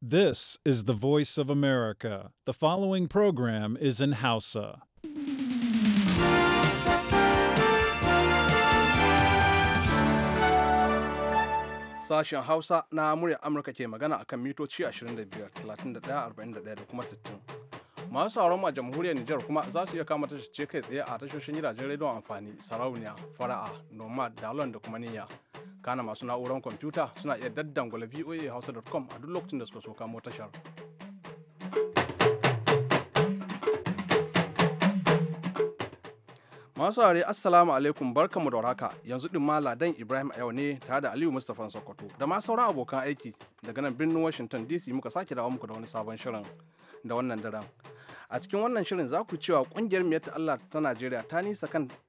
This is the voice of America. The following program is in Hausa. Sashen Hausa na murya Amurka ke magana akan mitoci 25, 31, 41 da kuma 60. masu sauran a jamhuriyar Nijar kuma za su iya kama tashace kai tsaye a tashoshin gidajen rediyon amfani sarauniya fara'a nomad dalon da kuma niyya kana masu na'urar kwamfuta suna iya daddangula voa hausa.com a duk lokacin da suka so kamo tashar masu are assalamu alaikum barkamu da warhaka yanzu din ladan ibrahim a yau ne tare da aliyu mustapha sokoto da ma sauran abokan aiki daga nan birnin washington dc muka sake dawo muku da wani sabon shirin da wannan daren a cikin wannan shirin za ku cewa kungiyar miyar ta Allah ta Najeriya ta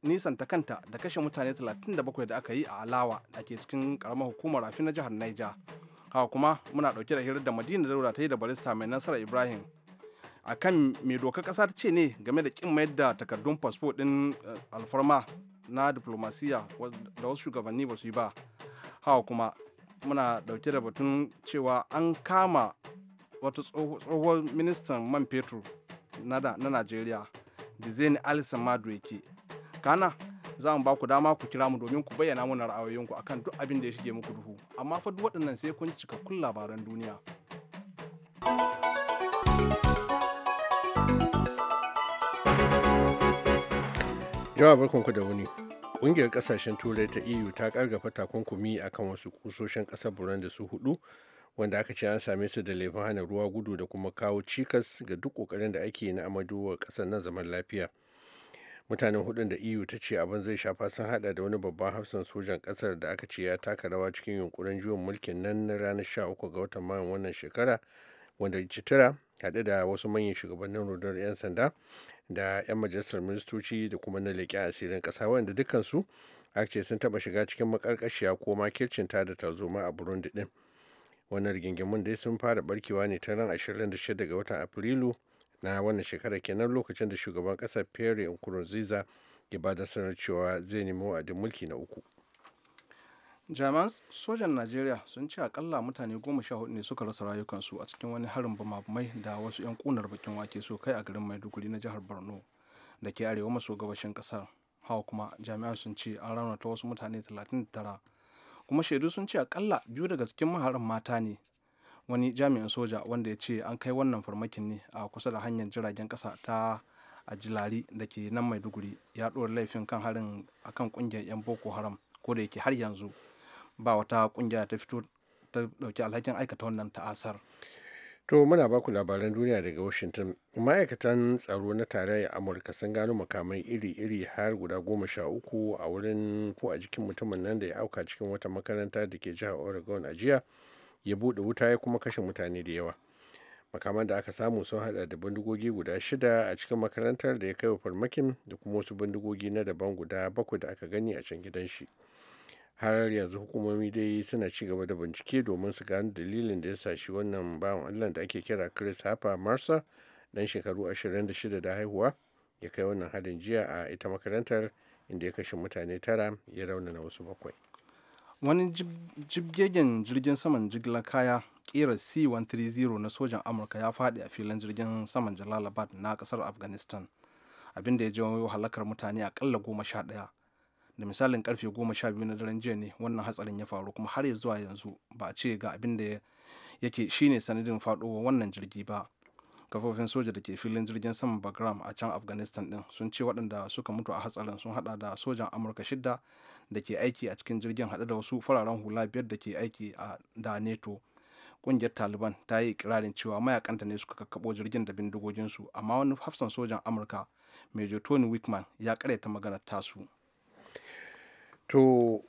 nisanta kanta da kashe mutane 37 da aka yi a Alawa da ke cikin karamar hukumar rafi na jihar Niger. Haka kuma muna ɗauke da hirar da Madina Daura ta yi da barista mai nasara Ibrahim a kan mai doka ƙasa ta ce ne game da kin mayar da takardun fasfo ɗin eh, alfarma na diplomasiya da wasu shugabanni ba su yi ba. Haka kuma muna dauke da batun cewa an kama wata tsohuwar ministan man fetur na najeriya alisan alison yake kana za mu ba ku dama ku kira mu domin ku bayyana mana ra'ayoyinku akan duk abin da ya shige muku duhu amma fa duk waɗannan sai kun cika kun labaran duniya barkan ku da wuni ƙungiyar ƙasashen turai ta eu ta ƙargafa takunkumi akan wasu kusoshin ƙasar burundi su hudu wanda aka ce an same su da laifin hana ruwa gudu da kuma kawo cikas ga duk kokarin da ake na amadu wa kasar nan zaman lafiya mutanen hudun da eu ta ce abin zai shafa sun hada da wani babban hafsan sojan kasar da aka ce ya taka rawa cikin yunkurin juyin mulkin nan na ranar 13 ga watan mayan wannan shekara wanda citira haɗe da wasu manyan shugabannin rundunar 'yan sanda da 'yan majalisar ministoci da kuma na leƙen asirin ƙasa wanda dukkansu ake ce sun taɓa shiga cikin makarƙashiya ko ma ta da tarzoma a burundi ɗin wannan rigingimun dai sun fara barkewa ne ta ran 26 ga watan afrilu na wannan shekara kenan lokacin da shugaban kasar pierre nkurunziza ya ba da sanar cewa zai nemi wa'adin mulki na uku jami'an sojan najeriya sun ce akalla mutane goma sha hudu ne suka rasa rayukansu a cikin wani harin bamamai da wasu 'yan kunar bakin wake so kai a garin maiduguri na jihar borno da ke arewa maso gabashin kasar hawa kuma jami'an sun ce an ta wasu mutane 39 kuma shaidu sun ce akalla biyu daga cikin maharan mata ne wani jami'in soja wanda ya ce an kai wannan farmakin ne a kusa da hanyar jiragen kasa ta ajilari da ke nan maiduguri ya ɗora laifin kan harin akan kungiyar 'yan boko haram ko da yake har yanzu ba wata kungiya ta fito ta ɗauki alhakin aikata wannan ta'asar To muna baku labaran duniya daga Washington. Ma'aikatan tsaro na tarayyar Amurka sun gano makamai iri-iri har guda goma sha uku a wurin ko a jikin mutumin nan da ya auka cikin wata makaranta da ke jihar Oregon a jiya ya buɗe wuta ya kuma kashe mutane da yawa. Makaman da aka samu sun hada da bindigogi guda shida a cikin makarantar da ya kai wa farmakin da kuma wasu bindigogi na daban guda bakwai da aka gani a can gidan shi. har yanzu hukumomi dai suna ci gaba da bincike domin su gano dalilin da ya sa shi wannan bawan allah da ake kira chris harper marsa dan shekaru 26 da haihuwa ya kai wannan hadin jiya a ita makarantar inda ya kashe mutane tara ya raunana wasu bakwai wani jibgegen jirgin saman jigilar kaya kera c-130 na sojan amurka ya faɗi a filin jirgin saman jalalabad na kasar afghanistan abinda ya jawo halakar mutane a akalla goma sha ɗaya da misalin karfe goma sha biyu na daren jiya ne wannan hatsarin ya faru kuma har zuwa yanzu ba a ce ga abin da yake shine sanadin faɗowar wannan jirgi ba kafofin soja da ke filin jirgin saman bagram a can afghanistan din sun ce waɗanda suka mutu a hatsarin sun hada da sojan amurka shidda da ke aiki a cikin jirgin hada da wasu fararen hula biyar da ke aiki a da neto ƙungiyar taliban ta yi ikirarin cewa mayakanta ne suka kakkaɓo jirgin da bindigoginsu amma wani hafsan sojan amurka major tony wickman ya karyata maganar tasu To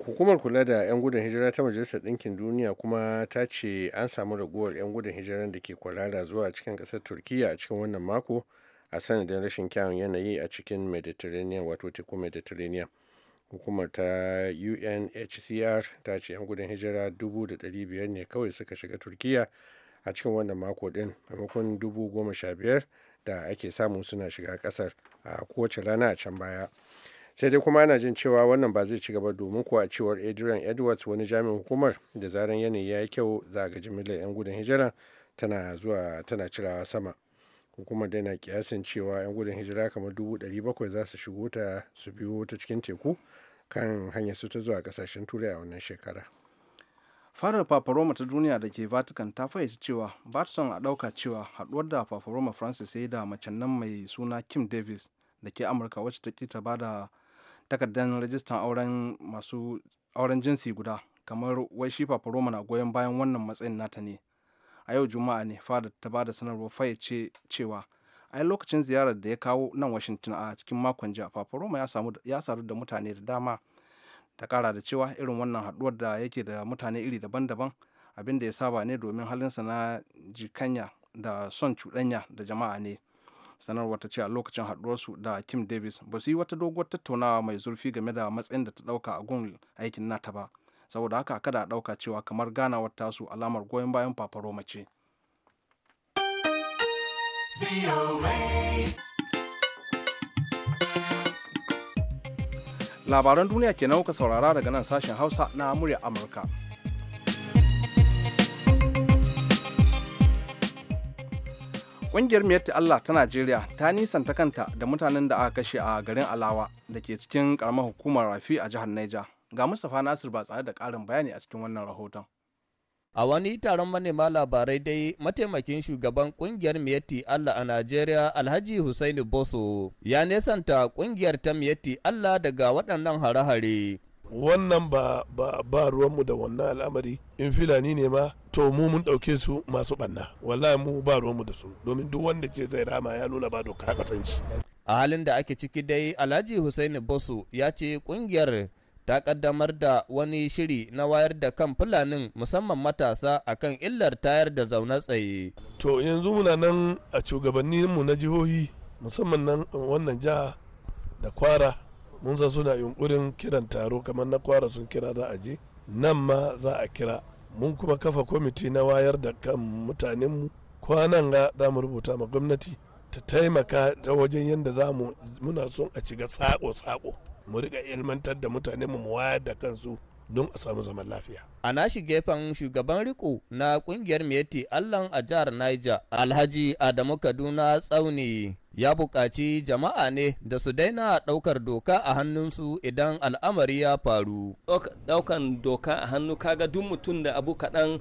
hukumar kula da 'yan gudun hijira ta Majalisar Ɗinkin Duniya kuma ta ce an samu raguwar 'yan gudun hijiran da ke kwarara zuwa cikin ƙasar Turkiyya a cikin wannan mako a sanadin rashin kyawun yanayi a cikin Mediterranean wato teku Mediterranean. Hukumar ta UNHCR ta ce 'yan gudun hijira 500,000 ne kawai suka shiga Turkiyya a cikin wannan mako din maimakon 15,000 da ake samu suna shiga ƙasar a kowace rana a can baya. sai dai kuma ana jin cewa wannan ba zai ci gaba domin kuwa cewar adrian edwards wani jami'in hukumar da zaran yanayi ya yi kyau za ga jimillar 'yan gudun hijira tana zuwa tana cirawa sama hukumar da na kiyasin cewa 'yan gudun hijira kamar dubu 700 za su shigo ta su biyo ta cikin teku kan hanyar su ta zuwa kasashen turai a wannan shekara farar paparoma ta duniya da ke vatican ta fayyace cewa ba son a ɗauka cewa haɗuwar da paparoma francis ya yi da macen nan mai suna kim davis da ke amurka wacce ta ki ta ba da takardar rajistan auren masu auren jinsi guda kamar wai shi fafaroma na goyon bayan wannan matsayin nata ne a yau juma'a ne fada ta ba da sanarwar ce cewa a yi lokacin ziyarar da ya kawo nan washington a cikin makon jiya faforoma ya saru da mutane da dama ta kara da cewa irin wannan haduwar da yake da mutane iri daban-daban abin da ya saba ne domin halinsa na jikanya da son cuɗanya da jama'a ne sanarwar ta ce a lokacin haɗuwarsu da kim davis ba su yi wata doguwar tattaunawa mai zurfi game da matsayin da ta ɗauka a gun aikin nata ba saboda haka kada a ɗauka cewa kamar ganawar su alamar goyon bayan fafaroma ce labaran duniya kenan kuka saurara daga nan sashen hausa na murya amurka Ƙungiyar Miyatti Allah ta Najeriya ta nisanta kanta da mutanen da aka kashe a garin Alawa da ke cikin karamar hukumar Rafi a jihar Niger. Ga Mustapha Nasir ba tsare da ƙarin bayani a cikin wannan rahoton. A wani taron manema labarai dai mataimakin shugaban kungiyar Miyatti Allah a Najeriya Alhaji husaini Boso ya nesanta kungiyar ta Miyatti Allah daga waɗannan hare-hare wannan ba ba ba ruwanmu da wannan al'amari in filani ne ma to mu mun ɗauke su masu banna wallahi mu ba ruwanmu da su domin duk wanda ce zai rama ya nuna ba doka kasance a halin da ake ciki dai alhaji hussein bosu ya ce kungiyar ta kaddamar da wani shiri na wayar da kan fulanin musamman matasa akan illar tayar da zaune tsaye to yanzu muna nan a shugabanninmu na jihohi musamman nan wannan jiha da kwara mun san suna yunkurin kiran taro kamar na kwara sun kira za a je nan ma za a kira mun kuma kafa kwamiti na wayar da kan mutanenmu kwanan ga za mu rubuta ma gwamnati ta taimaka ta wajen yadda za mu muna son a shiga sako-sako mu riƙa ilmantar da mutanenmu mu wayar da kansu don a samu zaman lafiya. A nashi gefen shugaban riko na kungiyar Meti allon a jihar Niger, Alhaji Adamu Kaduna Tsauni ya buƙaci jama'a ne da su daina ɗaukar doka a hannunsu idan al'amari ya faru. ɗaukan doka a hannu kaga duk mutum da abu kaɗan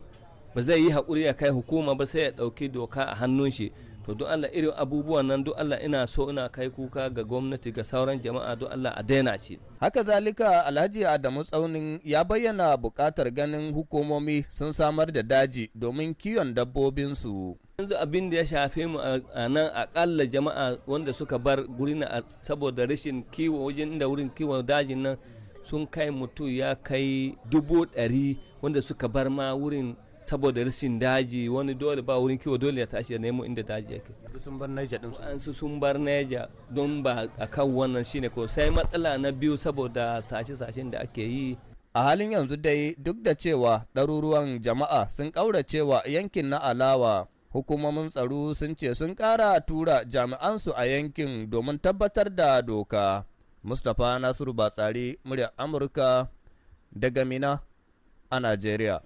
ba zai yi haƙuri ya kai hukuma ba sai ya ɗauki doka a hannun shi to duk Allah irin abubuwan nan duk Allah ina so ina kai kuka ga gwamnati ga sauran jama'a duk Allah a daina shi. Haka zalika Alhaji Adamu Tsaunin ya bayyana buƙatar ganin hukumomi sun samar da daji domin kiwon dabbobinsu. yanzu abin da ya shafe mu a nan akalla jama'a wanda suka bar na saboda rashin kiwo wajen inda wurin kiwo dajin nan sun kai mutu ya kai dubu ɗari wanda suka bar ma wurin saboda rashin daji wani dole ba wurin kiwo dole ya tashi ya nemo inda daji yake sun bar naija din su an su sun bar naija don ba akan wannan shine ko sai matsala na biyu saboda sashe-sashen da ake yi a halin yanzu dai duk da cewa ɗaruruwan jama'a sun kauracewa yankin na alawa hukumomin tsaro sun ce sun kara tura jami'ansu a yankin domin tabbatar da doka mustapha nasiru batsari muryar amurka daga mina a nigeria.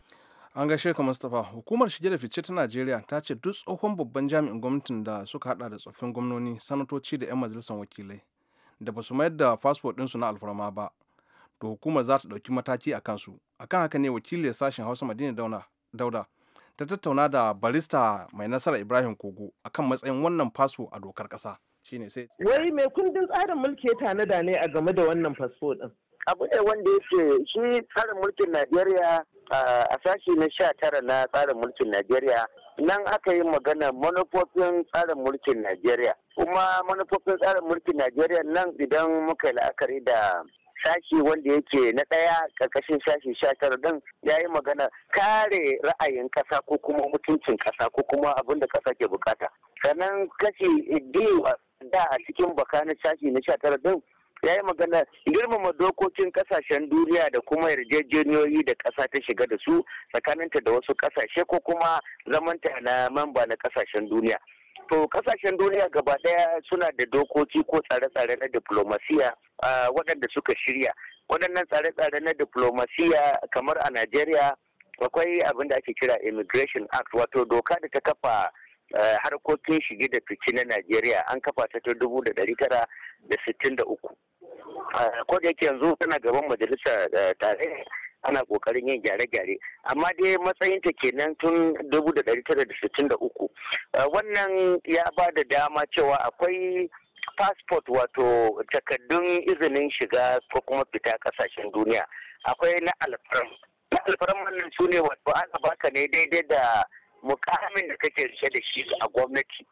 an gaishe ka mustapha hukumar shige da fice ta nigeria ta ce duk tsohon babban jami'in gwamnatin da suka hada da tsoffin gwamnoni sanatoci da 'yan majalisar wakilai da ba su mayar da fasfo ɗinsu na alfarma ba to hukumar za ta ɗauki mataki a kansu akan haka ne wakilin sashen hausa madina dauda ta tattauna da barista mai nasara ibrahim kogo akan matsayin wannan fasfo a dokar kasa shine sai wai mai kundin tsarin mulki ya tanada ne a game da wannan fasfo din abu ne wanda yake shi tsarin mulkin najeriya a sashi na sha tara na tsarin mulkin najeriya nan aka yi magana manufofin tsarin mulkin najeriya kuma manufofin tsarin mulkin najeriya nan idan muka yi la'akari da sashi wanda yake na ɗaya ƙarƙashin sashi sha tara ɗin ya yi magana kare ra'ayin ƙasa ko kuma mutuncin ƙasa ko kuma abin da ƙasa ke bukata sannan kashi biyu da a cikin baka na sashi na sha tara ɗin ya yi magana girmama dokokin ƙasashen duniya da kuma yarjejeniyoyi da ƙasa ta shiga da su tsakaninta da wasu ƙasashe ko kuma zamanta na mamba na ƙasashen duniya to kasashen duniya gaba daya suna da dokoki ko tsare-tsare na diplomasiya waɗanda suka shirya waɗannan tsare-tsare na diplomasiya kamar a nigeria akwai abin da ake kira immigration act wato doka da ta kafa harkokin shige da fice na nigeria an kafa ta ta dubu da dari tara da sittin da uku ko yanzu tana gaban majalisar tarayya ana kokarin yin gyare-gyare amma dai matsayinta kenan tun 1963 uh, wannan ya ba da dama cewa akwai passport wato takaddun izinin shiga ko kuma fita kasashen duniya akwai na alfaram na alfaram wannan su ne wato ana baka ne daidai da mukamin da kake rike da shi a gwamnati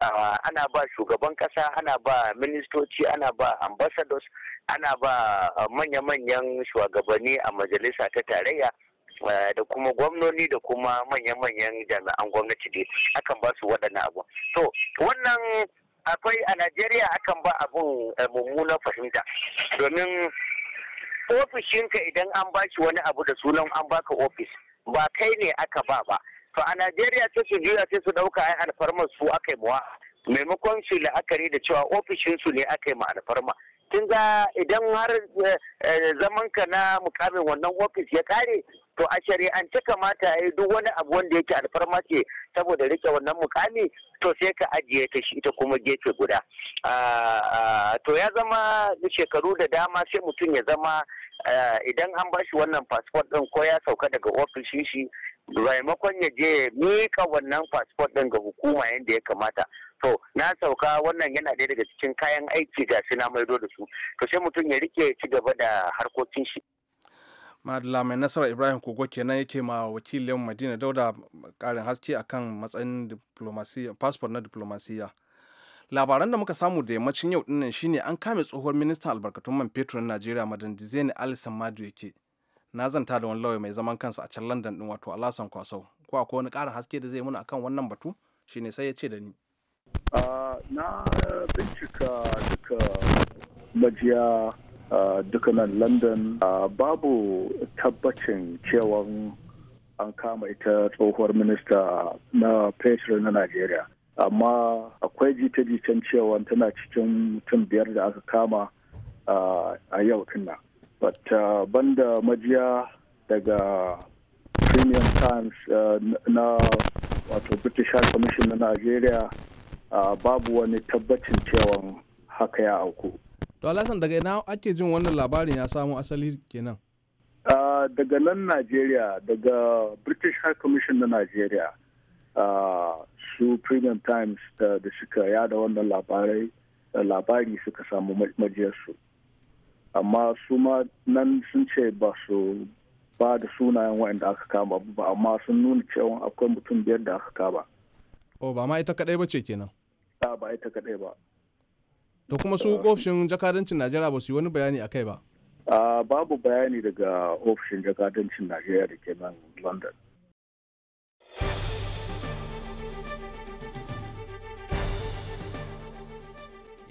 ana ba shugaban kasa ana ba ministoci ana ba ambassadors ana ba uh, manya-manyan shugabanni a majalisa ta tarayya uh, da kuma gwamnoni da kuma manya-manyan jami'an gwamnati dai akan ba su waɗannan abu to wannan akwai a najeriya akan ba abin uh, mummunan fahimta domin ofishinka idan an ba shi wani abu da sunan an baka ofis ba kai ne aka ba ba to a najeriya sai su juya sai su ɗauka ai alfarmar su aka yi muwa maimakon su la'akari da cewa ofishinsu ne aka yi ma alfarma kin ga idan har eh, eh, zamanka na mukamin wannan ofis ya kare to a shari'ance kamata a yi duk wani abu wanda yake alfarma ce saboda rike wannan mukami to sai ka ajiye ta shi ita kuma gefe guda ah, ah, to ya zama shekaru da dama sai mutum ya zama eh, idan an bashi wannan fasfot ɗin ko ya sauka daga ofishin shi maimakon ya je mika wannan fasfot ɗin ga hukuma yadda ya kamata to na sauka wannan yana ɗaya daga cikin kayan aiki ga na maido da su to sai mutum ya rike ci gaba da harkokin shi madalla mai nasara ibrahim kogo kenan yake ma wakilin madina dauda karin haske akan matsayin fasfot na diplomasiya labaran da muka samu da yammacin yau dinnan shine an kame tsohuwar ministan albarkatun man fetur na najeriya madan dizeni alison madu yake na zanta da wani lauya mai zaman kansa a can london din wato alasan kwaso ko akwai wani ƙara haske da zai muna akan wannan batu shine sai ya ce da ni na bincika duka majiya duka nan london babu tabbacin cewan an kama ita tsohuwar minista na pressure na najeriya amma akwai jita-jitan cewa tana cikin mutum biyar da aka kama a yau tun but uh, banda majiya daga premium times uh, na wato british high commission na nigeria uh, babu wani tabbacin cewa haka ya auku to alasan daga ina ake jin wannan labarin ya samu asali kenan uh, daga nan nigeria daga british high commission na nigeria uh, su premium times uh, da suka yada wannan labarai labari suka samu majiyarsu amma su ma nan sun ce ba su ba da sunayen waɗanda aka kama ba amma sun nuna cewa akwai mutum biyar da aka kama. Oh ba ma ita kadai ba ce kenan. A ba ita kadai ba. To kuma su ah. ofishin jakadancin Najeriya ba su yi wani bayani akai ba. Ah, babu bayani daga ofishin jakadancin Najeriya da ke nan London.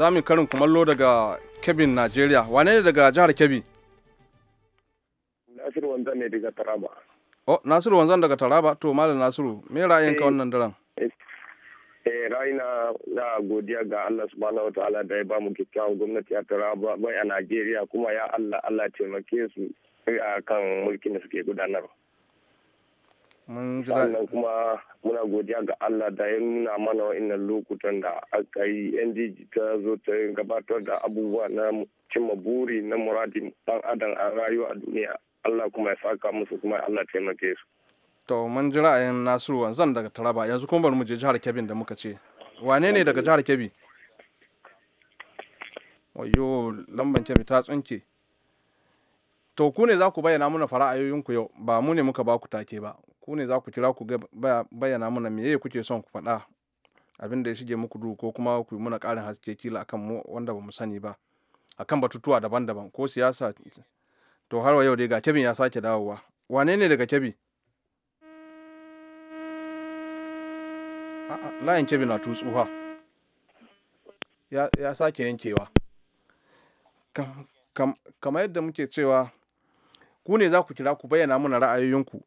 za mu karin kumallo daga kebin najeriya wane ne daga jihar kebbi nasiru wanzan ne daga taraba oh nasiru wanzan daga taraba to malam nasiru me ka eh, wannan daren eh, eh raina na godiya ga Allah subhanahu wa ta'ala da ya ba mu kyakkyawan gwamnati a taraba bai a najeriya kuma ya allah allah taimake su eh, a kan mulkin da suke gudanarwa mun ji daɗi kuma muna godiya ga Allah da ya nuna mana wa'annan lokutan da aka yi NDG ta zo ta gabatar da abubuwa na cimma buri na muradin dan adam a rayuwa a duniya Allah kuma ya saka musu kuma Allah taimake su to mun ji ra'ayin Nasiru wanzan daga Taraba yanzu kuma bari mu je jihar Kebbi da muka ce wane ne daga jihar Kebbi wayo lamban Kebbi ta tsunke to ku ne za ku bayyana muna fara'ayoyinku yau ba mu ne muka ba ku take ba ku ne za ku kira ku bayyana mana meye kuke son ku faɗa abin da ya shige muku duhu ko kuma ku yi muna ƙarin haske kila akan mu wanda ba mu sani ba akan batutuwa daban-daban ko siyasa to har yau dai ga kebin ya sake dawowa wane ne daga kebi layin kebi na tutsuwa ya sake yankewa kamar yadda muke cewa ku ne za ku kira ku bayyana muna ra'ayoyinku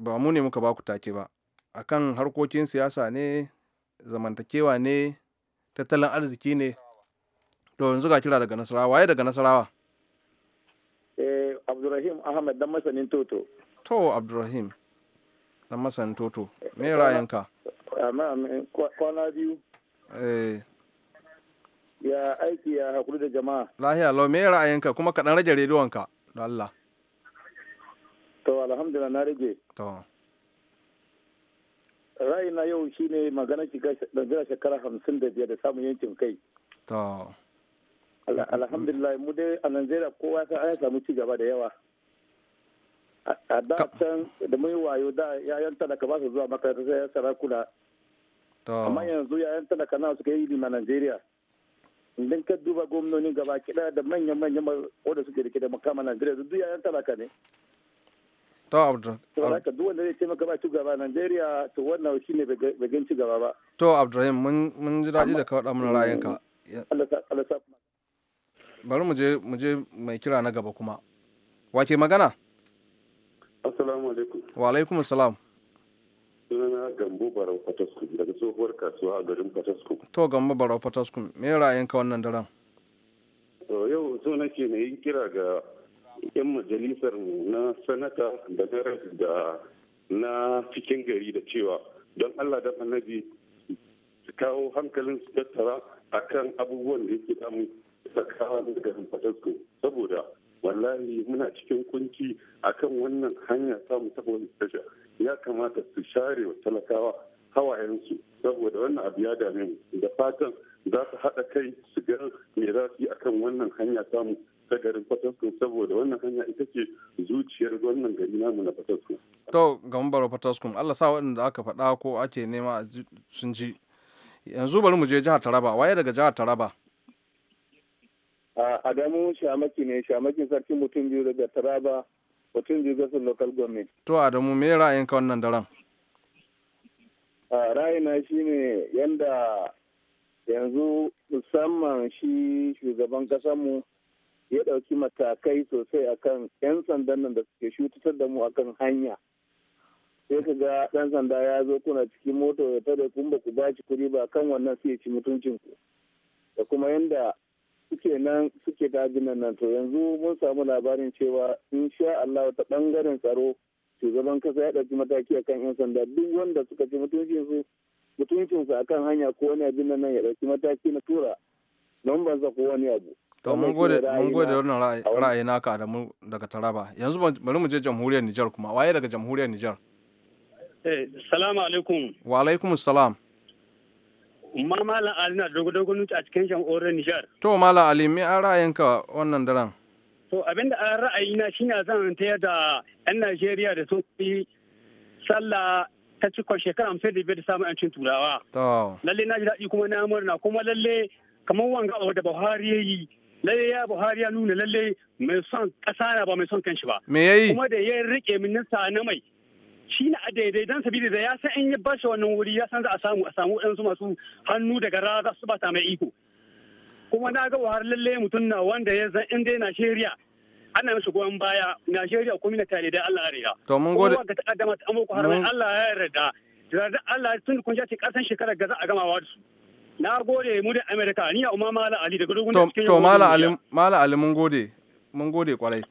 ba mu ne muka baku take ba a kan harkokin siyasa ne zamantakewa ne tattalin arziki ne to yanzu ga kira daga nasarawa waye daga nasarawa eh abdurrahim ahmed dan masanin toto to abdurrahim dan masanin toto me eh, ra'ayinka eh, kwana biyu eh ya aiki ya hakuri da jama'a lahiya lau me ra'ayinka kuma ka dan rage rediyonka da Allah to alhamdulillah na rage to na yau shine magana shiga Najeriya shekara hamsin da biyar da samun yankin kai to alhamdulillah mu dai a Najeriya kowa sai ya samu ci gaba da yawa a da can da mai wayo da yayan talaka ba su zuwa makaranta sai ya sarakuna amma yanzu yayan talaka na suka yi ilimi a Najeriya idan ka duba gwamnonin gaba kiɗa da manyan manyan wanda suke rike da makama Najeriya duk yayan talaka ne to abdul to haka duk wanda zai ce maka ba ci gaba Najeriya to wannan shine bai gan ci gaba ba to Abdurrahim mun mun ji daɗi da ka faɗa mana ka. bari mu je mu je mai kira na gaba kuma wake magana assalamu alaikum wa alaikum assalam sunana gambo barau fatasku daga tsohuwar kasuwa a garin fatasku to gambo barau fatasku me ka wannan daren yau so nake na yin kira ga 'yan majalisar na sanata da da na cikin gari da cewa don allah da annabi su kawo hankalin su tattara a kan abubuwan da yake damu da garin fatasko saboda wallahi muna cikin kunci akan wannan hanya samu taɓa tasha ya kamata su share wa talakawa hawayensu saboda wannan abu ya dame mu da fatan za su haɗa kai su ga me za su akan wannan hanya samu ta garin Fatasko saboda wannan hanya ita ce zuciyar wannan gari namu na Fatasko. To gambaro Fatasko Allah sa waɗanda aka faɗa ko ake nema sun ji. Yanzu bari mu je jihar Taraba waye daga jihar Taraba. Adamu Shamaki ne Shamakin sarki mutum biyu daga Taraba mutum biyu gasar local government. To Adamu me ra'ayin ka wannan daren? ra'ayina ne yanda yanzu musamman shi shugaban kasanmu ya ɗauki matakai sosai akan 'yan sandan nan da suke shutar da mu akan hanya sai ka ga ɗan sanda ya zo kuna cikin mota ya tare kun ba ku baci kuɗi ba kan wannan sai ci mutuncin ku da kuma yanda suke nan suke dajinan nan to yanzu mun samu labarin cewa sha Allah ta bangaren tsaro shugaban kasa ya ɗauki mataki akan 'yan sanda duk wanda suka ci mutuncin su mutuncin su akan hanya ko wani abin nan ya ɗauki mataki na tura lambansa ko wani abu to mun gode mun gode wannan ra'ayi naka da mu daga Taraba yanzu bari mu je jamhuriyar Nijar kuma waye daga jamhuriyar Nijar eh assalamu alaikum wa alaikum assalam ma malam Ali na dogo dogo nuci a cikin jamhuriyar Nijar to malam Ali me a ra'ayinka wannan daren to abinda a na shine zan tayar da yan Najeriya da sun yi sallah ta cikon shekara amfani da samun yancin turawa to lalle na ji daɗi kuma na murna kuma lalle kamar wanga da Buhari ya yi lalle ya buhari ya nuna lalle mai son kasa na ba mai son kanshi ba me yayi kuma da ya rike minista na mai shi na a daidai don sabida da ya san in ya bashi wannan wuri ya san za a samu a samu ɗansu masu hannu daga rana za su ta mai iko kuma na ga buhari lalle mutum na wanda ya zan in dai najeriya ana mishi goyon baya najeriya kuma na tare da allah ya to mun gode kuma ga ta'adama ta amurka har allah ya yarda da Allah tun kun ce kasan shekarar gaza za a gamawa da su na gode mu da amerika ni a umma mala ali daga dogon da cikin to mala ali mala ali mun gode mun gode kwarai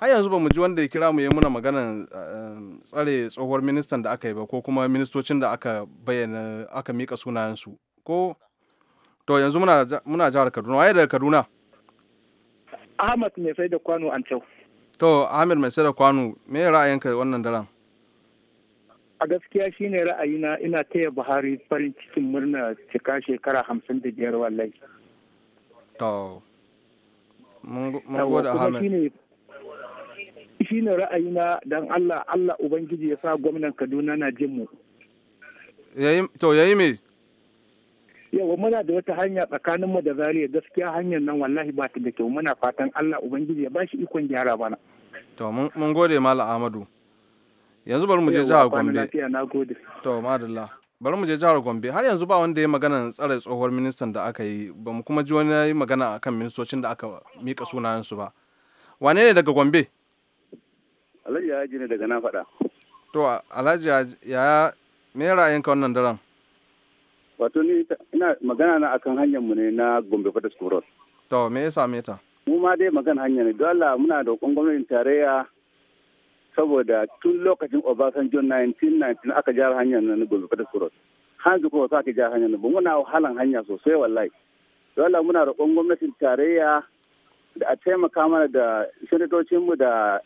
har yanzu ba mu ji wanda ya kira mu ya muna magana eh, tsare tsohuwar ministan da aka yi ba ko kuma ministocin da aka bayyana aka mika sunayensu ko to yanzu muna muna jihar kaduna waye daga kaduna ahmad mai sai da kwano an to ahmed mai sai da kwano me ra'ayinka wannan daren a gaskiya shine ra'ayina ina taya buhari farin cikin murna cika shekara hamsin da biyar wallai to mun gode ne shine ra'ayina don allah allah ubangiji ya sa gwamnan kaduna na jinmu to yayi me yawa muna da wata hanya tsakanin mu da zariya gaskiya hanyar nan wallahi ba ta da kyau muna fatan allah ubangiji ya ba shi ikon gyara bana to mun gode malam ahmadu yanzu bari mu je jihar Gombe to madalla bari mu je jihar Gombe har yanzu ba wanda ya magana tsare tsohuwar ministan da aka yi ba mu kuma ji wani ya yi magana akan ministocin da aka mika sunayen su ba wane ne daga Gombe Alhaji Yaji ne daga na faɗa to Alhaji ya me ka wannan daren wato ni ina magana na akan hanyar mu ne na Gombe Fatas Kuros. to me yasa meta? ta mu ma dai magana hanya ne dole muna da gwamnatin tarayya saboda tun lokacin obasanjo 1919 aka jihar hanyar nan gobe fata surot Hanzu kuma wasu ka jihar hanyar nan muna wahalan hanya sosai wallahi dole muna roƙon gwamnatin tarayya da a taimaka mana da sanatocinmu da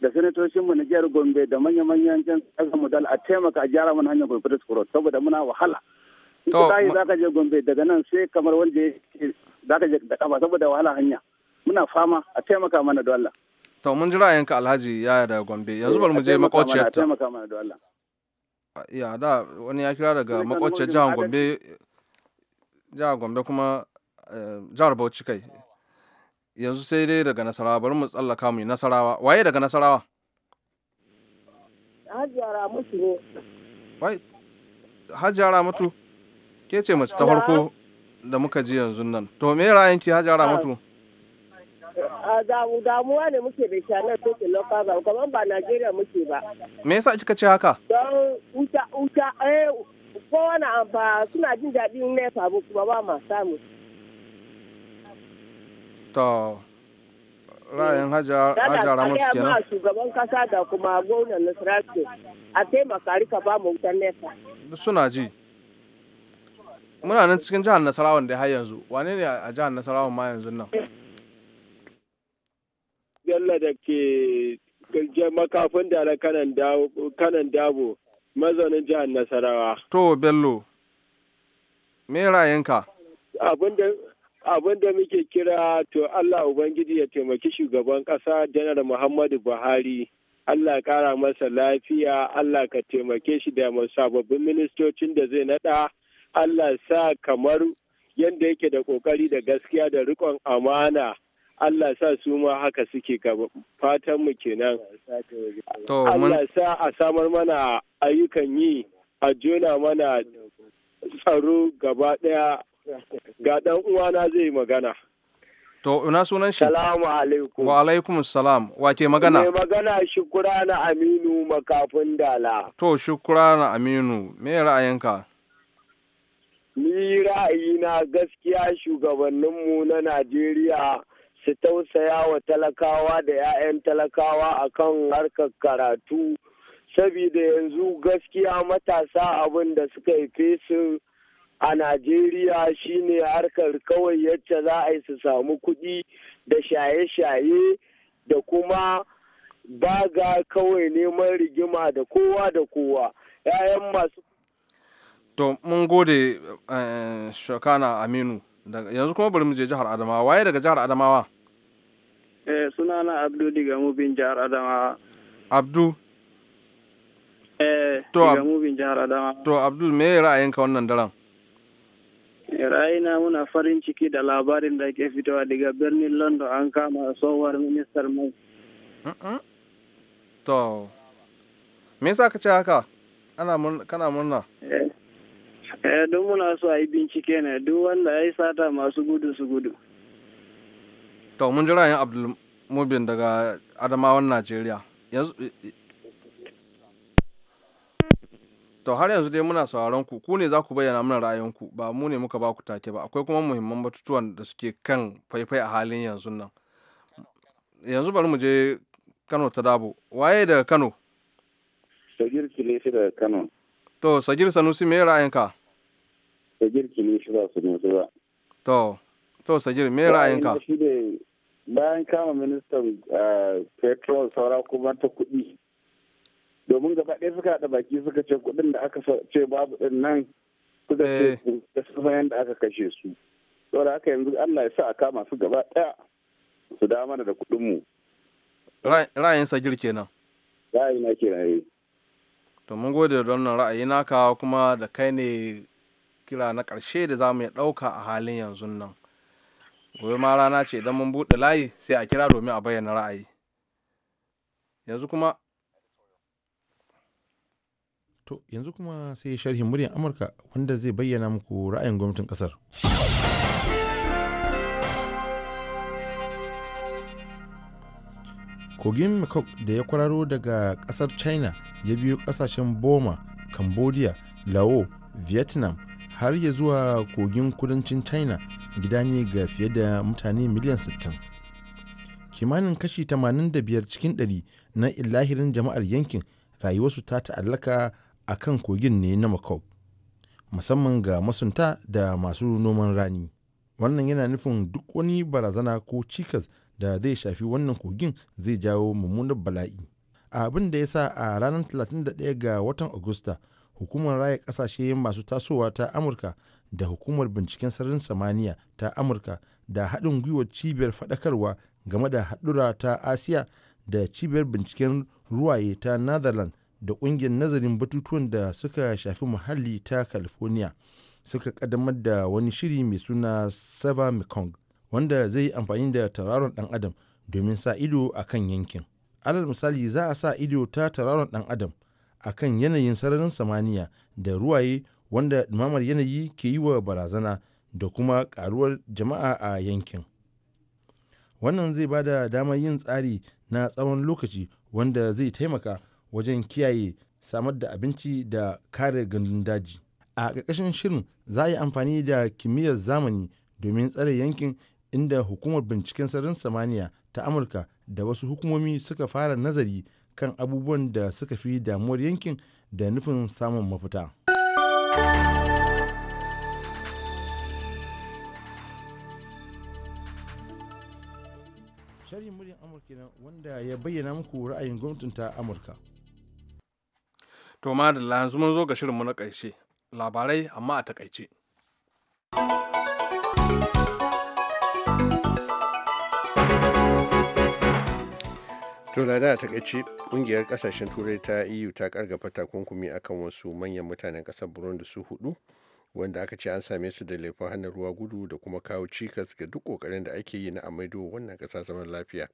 da sanatocinmu na jihar gombe da manya-manyan jan mu dal a taimaka a gyara mana hanyar gobe fata surot saboda muna wahala to za ka je gombe daga nan sai kamar wanda ka je da kafa saboda wahala hanya muna fama a taimaka mana da Allah to mun ji yanka alhaji ya daga gombe yanzu eh, bari mu je makwaciyar ta ya da wani ya kira daga makwaciyar jihar gombe jihar gombe kuma eh, jihar bauchi kai yanzu sai dai daga nasarawa bari mu tsallaka mu nasarawa waye daga nasarawa hajjara mutu ne wai hajjara mutu ke ce mace ta farko da muka ji yanzu nan to me ra'ayinki hajjara mutu damuwa ne muke da shi a nan soke local government kamar ba Najeriya muke ba. Me yasa kika ce haka? Don wuta wuta eh kowane amfa suna jin daɗin nefa ba kuma ba ma samu. To ra'ayin hajjara ramatu kenan. Kada a shugaban kasa da kuma gwamnan Nasaratu a taimaka rika ba mu wutan nefa. Suna ji. Muna nan cikin jihar Nasarawan da har yanzu. Wane ne a jihar Nasarawan ma yanzu nan? Bello da ke makafin da na kanan dabo mazaunin jihar Nasarawa. To Bello, me ra'ayinka? Abin da muke kira to Allah Ubangiji ya taimaki shugaban ƙasa janar Muhammadu Buhari. Allah ƙara masa lafiya, Allah ka taimake shi da sababbin ministocin da zai naɗa, Allah sa kamar yadda yake da ƙoƙari da gaskiya da riƙon amana. Allah sa su ma haka suke gaba fatan mu kenan Allah sa a samar mana ayyukan yi a jona mana tsaro gaba daya ga dan uwana zai magana To ina sunan shi? Salamu alaikum. Wa alaikum salam. Wa ke magana? Mai magana Shukurana Aminu makafin dala. To Shukurana Aminu, me ra'ayinka? Ni ra'ayina gaskiya shugabanninmu na Najeriya su tausaya wa talakawa da 'ya'yan talakawa akan harkar karatu saboda yanzu gaskiya matasa abin da suka haife su a najeriya shine harkar kawai yadda za a yi su samu kuɗi da shaye-shaye da kuma baga kawai neman rigima da kowa da kowa 'ya'yan masu to mun gode eh, shakana aminu yanzu kuma bari mu je jihar adamawa waye daga jihar adamawa Eh, sunana Abdu diga mubin jihar Adama. Abdu? Eh, to, diga mubin jihar Adama. To, Abdu, me ra'ayinka wannan daren? Eh, ra'ayina muna farin ciki da labarin da ke fitowa daga birnin london an kama tsohuwar ministar mai to me yasa ka ce haka kana murna eh, eh don muna so a yi bincike ne duk wanda ya sata masu gudu su gudu to mun ji ra'ayin abdul mubin daga adamawan najeriya to har yanzu dai muna sauraron ku ku ne za ku bayyana mana ra'ayinku ba mu ne muka ba ku take ba akwai kuma muhimman batutuwan da suke kan faifai a halin yanzu nan yanzu bari mu je kano ta dabo waye daga kano sagir kilishi daga kano to sagir sanusi me ra'ayinka sagir kilishi ba su ba to to sagir me ra'ayinka ka. bayan kama ministan eh, petrol saura kuma ta kuɗi domin gaba ɗaya suka haɗa baki suka ce kuɗin da aka ce babu ɗin nan suka ce eh. sun yadda aka kashe su saboda haka yanzu allah ya sa a kama su gaba ɗaya su da mana da mu ra'ayin sagir kenan ra'ayi na kenan yi eh. to mun gode da wannan ra'ayi naka kuma da kai ne kira na karshe da za mu ɗauka a halin yanzu nan gobe ma rana ce idan mun buɗe layi sai a kira domin a bayyana ra'ayi yanzu kuma to yanzu kuma sai sharhin muryar amurka wanda zai bayyana muku ra'ayin gwamnatin kasar kogin mekong da ya kwararo daga kasar china ya biyo kasashen boma cambodia lao vietnam har ya zuwa kogin kudancin china gida ne ga fiye da mutane miliyan 60 kimanin kashi 85 cikin 100 na ilahirin jama'ar yankin rayuwarsu ta ta'allaka a kan kogin ne na makau musamman ga masunta da masu noman rani wannan yana nufin duk wani barazana ko cikas da zai shafi wannan kogin zai jawo mummunan bala'i abin da ya sa a ranar 31 ga watan agusta hukumar raya kasashe masu tasowa ta amurka da hukumar binciken sararin samaniya ta amurka da haɗin gwiwar cibiyar faɗakarwa game da haɗura ta asiya da cibiyar binciken ruwaye ta netherlands da ƙungiyar nazarin batutuwan da suka shafi muhalli ta california suka ƙaddamar da wani shiri mai suna sava mekong wanda zai yi amfani da tauraron ɗan adam domin sa ido a kan yankin alal misali za a sa ido ta tauraron ɗan adam a kan yanayin sararin samaniya da ruwaye wanda ɗumamar yanayi ke yi wa barazana da kuma ƙaruwar jama'a a yankin. Wannan zai ba da damar yin tsari na tsawon lokaci wanda zai taimaka wajen kiyaye samar da abinci da kare gandun daji. A ƙarƙashin shirin za a yi amfani da kimiyyar zamani domin tsare yankin inda hukumar binciken sararin samaniya ta Amurka da wasu hukumomi suka fara nazari kan abubuwan da suka fi damuwar yankin da nufin samun mafita. sharhin muryar amurka nan wanda ya bayyana muku ra'ayin gwamnatin ta amurka to madalla yanzu mun zo ga shirinmu na ƙarshe labarai amma a takaice. to da a takaici kungiyar kasashen turai ta eu ta kargafa takunkumi akan wasu manyan mutanen kasar burundi su hudu wanda aka ce an same su da laifin hannun ruwa gudu da kuma kawo cikas ga duk kokarin da ake yi na amaido wannan kasa zaman lafiya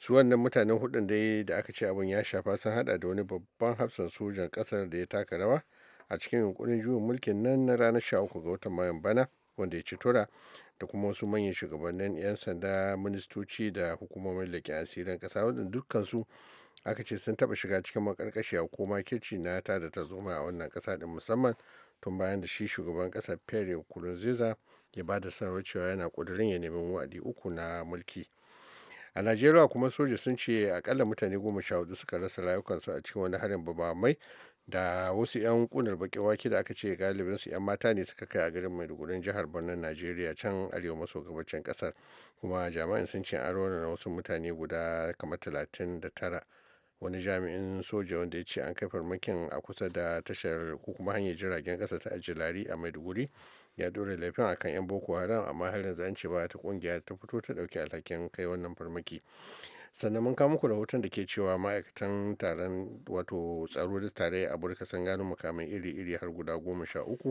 su wannan mutanen hudun dai da aka ce abin ya shafa sun hada da wani babban hafsan sojan kasar da ya taka rawa a cikin yunkurin juyin mulkin nan na ranar 13 ga watan mayan bana wanda ya ci tura da kuma wasu manyan shugabannin 'yan sanda ministoci da hukumomin da ke asirin ƙasa wadanda dukkansu aka ce sun taɓa shiga cikin makarkashiya ko makirci na ta da tarzoma a wannan kasa din musamman tun bayan da shi shugaban kasar pierre nkurunziza ya ba da sanarwar cewa yana kudurin ya nemi wa'adi uku na mulki a najeriya kuma soja sun ce akalla mutane goma sha hudu suka rasa rayukansu a cikin wani harin babamai da wasu 'yan kunar baƙin wake da aka ce galibin su 'yan mata ne suka kai a garin maiduguri jihar borno najeriya can arewa maso gabacin kasar kuma jami'an sun ce an na wasu mutane guda kamar talatin da tara wani jami'in soja wanda ya ce an kai farmakin a kusa da tashar ko kuma hanyar jiragen kasa ta ajilari a maiduguri ya dore laifin akan 'yan boko haram amma har yanzu an ce ba ta kungiya ta fito ta dauki alhakin kai wannan farmaki sannan mun kawo muku rahoton da ke cewa ma'aikatan taron wato tsaro da tare a burka sun gano iri-iri har guda goma sha uku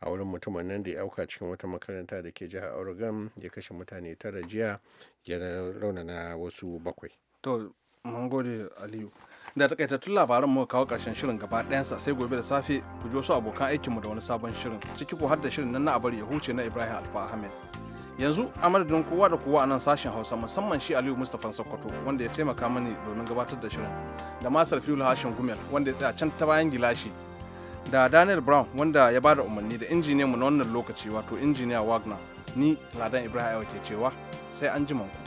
a wurin mutumin nan da ya auka cikin wata makaranta da ke jihar oregon ya kashe mutane tara jiya ya raunana wasu bakwai to mun gode aliyu da takaitattun labaran mu kawo karshen shirin gaba ɗayansa sai gobe da safe ku ji wasu abokan aikinmu da wani sabon shirin ciki ko har da shirin nan na abar ya huce na ibrahim alfa ahmed yanzu a madadin kowa da kowa a nan sashen hausa musamman shi aliyu mustapha sokoto wanda ya taimaka mani domin gabatar da shirin da masar fiul hashin gumel wanda ya tsaya can ta bayan gilashi da daniel brown wanda ya bada umarni da injiniyan mu na wannan lokaci wato injiniya wagner ni ladan ibrahim ke cewa sai an ji manku